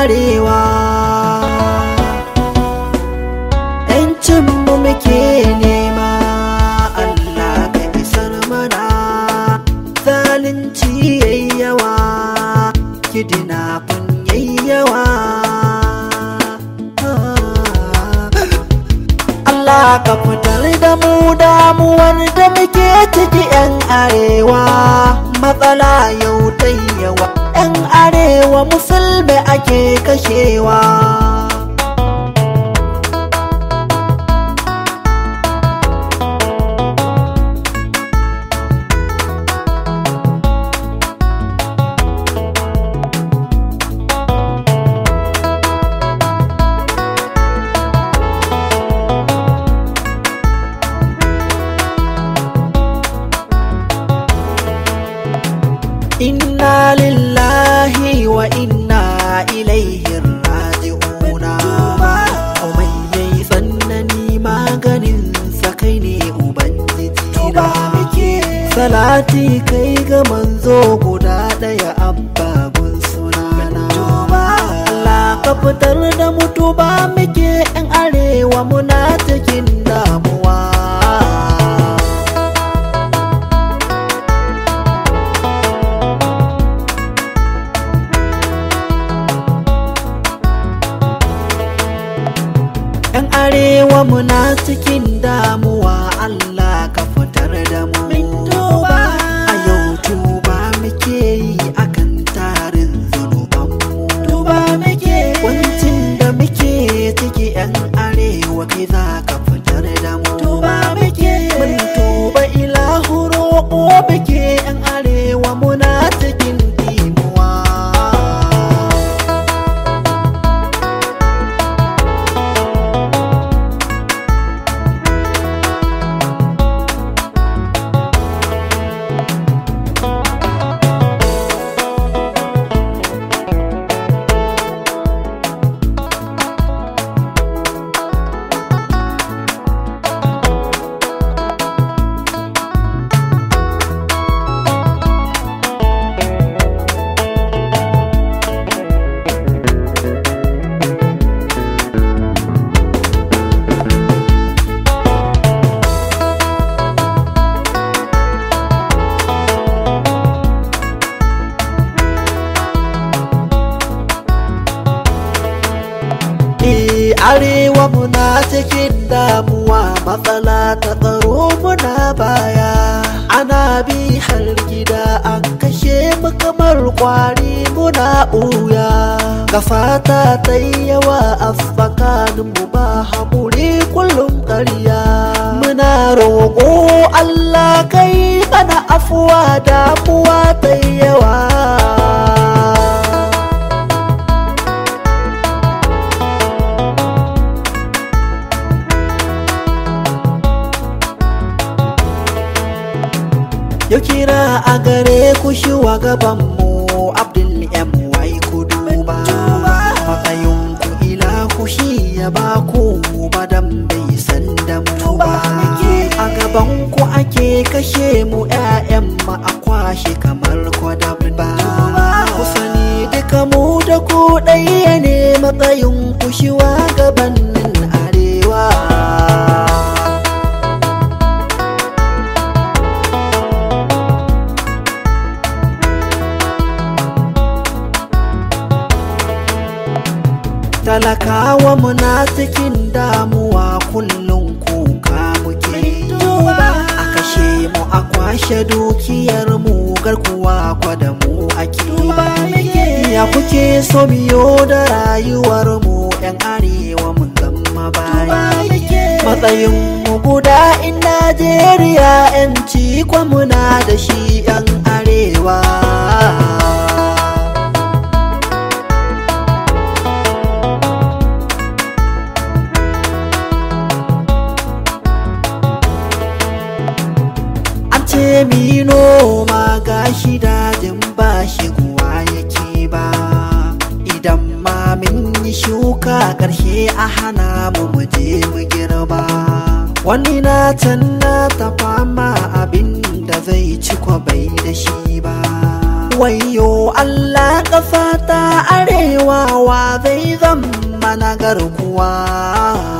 karewa ‘yancinmu muke nema Allah ka isar mana zalunci yawa, kidina kun yawa. Allah ka fitar da mu damuwar da muke ciki ‘yan arewa matsala yau yawa. 'yan arewa musulbe ake kashewa inna wa inna ilaihi raji'una mai mai sannani maganin sakai kai ne ubangiji na salati kai ga manzo guda daya abbagun sunana Allah ka fitar da mutuba muke yan arewa muna cikin arewa muna cikin damuwa Allah ka fitar da mu a yau tuba muke yi akan tarin zunubanmu wancin da muke ciki yan arewa kai za ka fitar da mu mun tuba ilahuro ko muke yan arewa kuwa muna cikin damuwa matsala ta tsaro muna baya ana bi har gida an kashe mu kamar kwari muna ɓuya kafa ta ta yi yawa a tsakanin mu ba haƙuri kullum ƙarya muna roƙo Allah kai mana afuwa damu ya kira a gare ku shi wa gabanmu abdul my ku duba matsayin ku ila ku shi ya ba ku badan bai san damu ba a gaban ake kashe mu 'ya'yan ma a kwashe kamar kwadam ba ku sani duka mu da ku ɗaya ne matsayin ku shi wa gaban talakawa muna cikin damuwa kullum kuka muke duba a kashe mu a kwashe dukiyar mu garkuwa kwada mu ake ya kuke so biyo da rayuwar mu yan arewa mun zama baya matsayin mu guda in najeriya yanci kwa muna da shi yan arewa mino ma noma gashi dajin ba shi kuwa yake ba idan ma min yi shuka ƙarshe a hana mu muje mu girba wani na can na ta fama abin da zai ci bai da shi ba wayo Allah ƙasa ta arewa wa zai zama na garkuwa